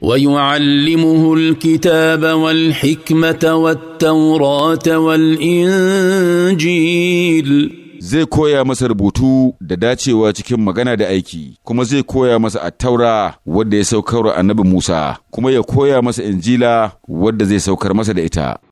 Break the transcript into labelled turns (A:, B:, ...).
A: ويعلمه الكتاب والحكمة والتوراة
B: والإنجيل zai koya masa rubutu da dacewa cikin magana da aiki kuma zai koya masa attaura wadda ya saukar annabi Musa kuma ya koya masa injila wadda zai saukar masa da ita